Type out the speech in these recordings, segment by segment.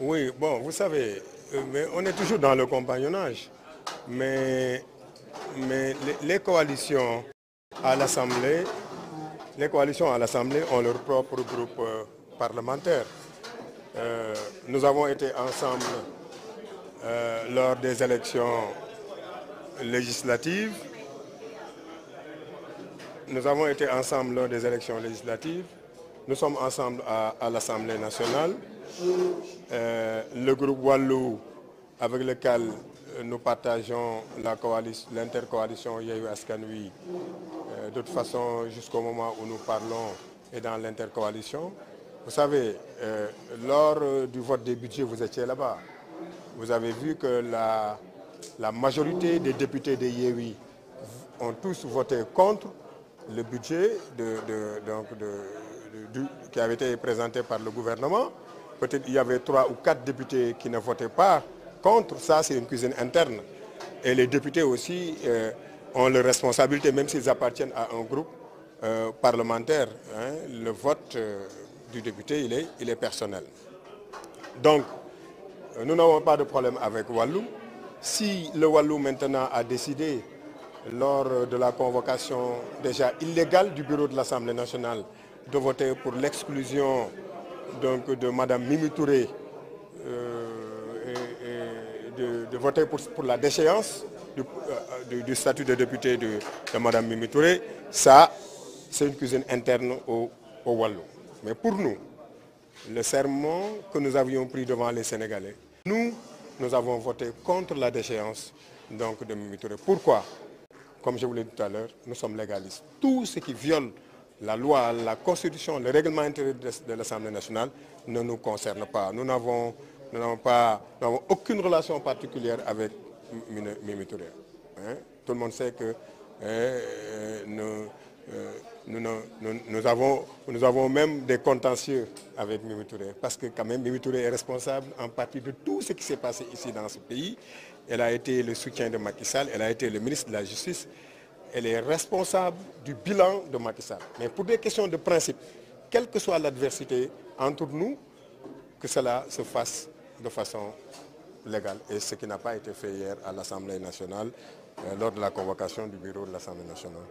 waaw bon, vous savez, euh, mais on est toujours dans le compagnonnage, mais mais les, les coalitions à l'Assemblée, les coalitions à l'Assemblée ont leur propre groupe euh, parlementaire. Euh, nous avons été ensemble euh, lors des élections législatives. Nous avons été ensemble lors des élections législatives. Nous sommes ensemble à, à l'Assemblée nationale. Euh, le groupe Wallou, avec lequel euh, nous partageons l'intercoalition Yehu Askanui, euh, de toute façon, jusqu'au moment où nous parlons, est dans l'intercoalition. Vous savez, euh, lors euh, du vote des budgets, vous étiez là-bas. Vous avez vu que la, la majorité des députés de Yéwi ont tous voté contre le budget de, de, donc de, qui avait été présenté par le gouvernement. Peut-être il y avait trois ou quatre députés qui ne votaient pas contre. Ça, c'est une cuisine interne. Et les députés aussi euh, ont leur responsabilité, même s'ils appartiennent à un groupe euh, parlementaire. Hein, le vote... Euh, du député, il est, il est personnel. Donc, euh, nous n'avons pas de problème avec Wallou. Si le Wallou maintenant a décidé, lors de la convocation déjà illégale du bureau de l'Assemblée nationale, de voter pour l'exclusion de Mme Mimi Touré euh, et, de, voter pour, pour la déchéance du, euh, du, du, statut de député de, Mme Mimi c'est une cuisine interne au, au Mais pour nous, le serment que nous avions pris devant les Sénégalais, nous, nous avons voté contre la déchéance donc, de Mimi Touré. Pourquoi Comme je vous l'ai dit tout à l'heure, nous sommes légalistes. Tout ce qui viole la loi, la constitution, le règlement intérieur de l'Assemblée nationale ne nous concerne pas. Nous n'avons pas, nous aucune relation particulière avec Mimi Touré. Hein Tout le monde sait que euh, euh, nous, Euh, nous, nous, nous, avons, nous avons même des contentieux avec Mimi Touré, parce que quand même Mimi Touré est responsable en partie de tout ce qui s'est passé ici dans ce pays. Elle a été le soutien de Macky Sall, elle a été le ministre de la Justice, elle est responsable du bilan de Macky Sall. Mais pour des questions de principe, quelle que soit l'adversité entre nous, que cela se fasse de façon légale. Et ce qui n'a pas été fait hier à l'Assemblée nationale, euh, lors de la convocation du bureau de l'Assemblée nationale.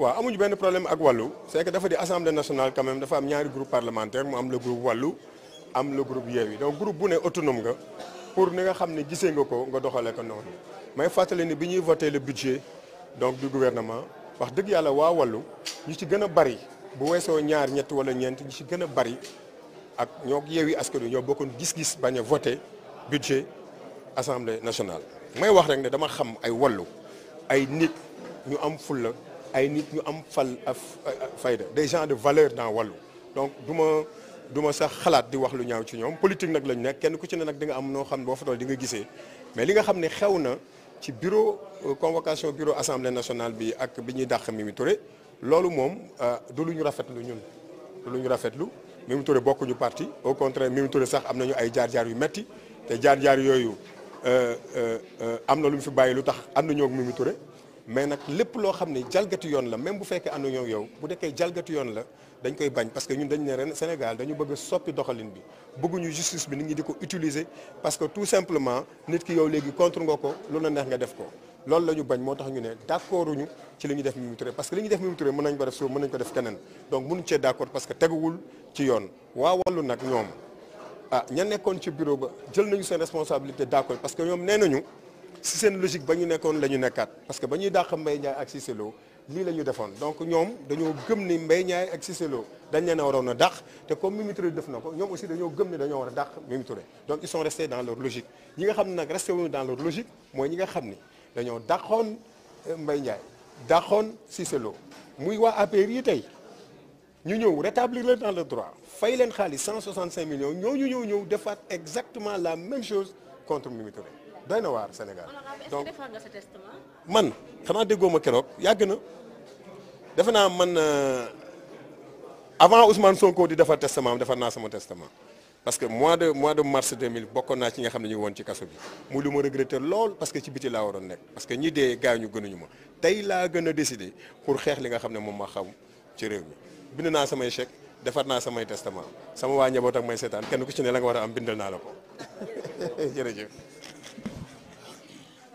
waaw amuñu benn problème ak wàllu c'est que dafa di assemblée nationale quand même dafa am ñaari groupe parlementaire mu am le groupe wàllu am le groupe yeewi donc groupe bu ne autonome nga pour ni nga xam ne gisee nga ko nga doxalee ko noonu may fàttali ni bi ñuy voté le budget donc du gouvernement wax dëgg yàlla waa wàllu ñu ci gën a bari bu weesoo ñaar ñetti wala ñeent ñu ci gën a bari ak ñoo yeewi askan wi ñoo bokkoon gis-gis bañ a voté budget assemblée nationale may wax rek ne dama xam ay wàllu ay nit ñu am fulla ay nit ñu am fal ak fayda des gens de valeur dans wallu donc du ma du sax xalaat di wax lu ñaaw ci ñoom politique nag lañu nekk kenn ku ci ne nag di nga am noo xam ne boo fa toll di nga gisee mais li nga xam ne xew na ci bureau euh, convocation bureau assemblée nationale bi ak bi ñuy dàq Mimi Touré loolu moom euh, du lu ñu rafetlu ñun du lu ñu rafetlu Mimi Touré bokkuñu parti au contraire Mimi Touré sax am nañu ay jaar-jaar yu metti te jaar-jaar yooyu euh, am na lu fi bàyyi lu tax ànd ñoo ak Mimi Touré mais nag lépp loo xam ne jalgati yoon la même bu fekkee ànduñoo yow bu nekkee jalgati yoon la dañ koy bañ parce que ñun dañ ne ren Sénégal dañu bëgg soppi doxalin bi bëgguñu justice bi nit ñi di ko utiliser parce que tout simplement nit ki yow léegi contre nga ko loolu la neex nga def ko loolu la ñu bañ moo tax ñu ne d'accord uñu ci li ñu def Mimi Touré parce que li ñu def Mimi Touré mën nañ ko def suuf mën nañ ko def keneen donc mënuñ cee d'accord parce que teguwul ci yoon waa wàllu nag ñoom ah ña nekkoon ci bureau ba jël nañu seen responsabilité d'accord parce que ñoom nee nañu si seen logique ba ñu nekkoon la ñu nekkaat parce que ba ñuy dàq Mbaye Ndiaye ak Cissé Lo lii la ñu defoon donc ñoom dañoo gëm ni mbay Ndiaye ak Cissé Lo dañ leen a waroon a dàq te comme Mimi def na ko ñoom aussi dañoo gëm ni dañoo war a dàq Mimi Touré donc ils sont restés dans leur logique ñi nga xam ne nag resté wuñu dans leur logique mooy ñi nga xam ni dañoo dàqoon euh, Mbaye Ndiaye dàqoon Cissé Lo muy waa APR yi tey ñu ñëw rétablir leen dans le droit fay leen xaalis 165 millions ñooñu ñëw ñëw defaat exactement la même chose contre Mimi Touré doy na waar Sénégal. donc man xanaa déggoo ma keroog yàgg na defe naa man euh, avant Ousmane Sonko di defar testament defar naa sama testament. parce que mois de mois de mars 2000 bokkoon naa ci nga xam ne ñu ngi woon ci kaso bi mu lu ma regretté lool parce que ci biti laa waroon nekk parce que ñi dee gaañu gënuñu ma tey laa gën a décidé pour xeex li nga xam ne moom ma xam ci réew mi bind naa samay chèque defar naa samay testament sama waa njaboot ak may seetaan kenn ku ci ne la nga war a am bindal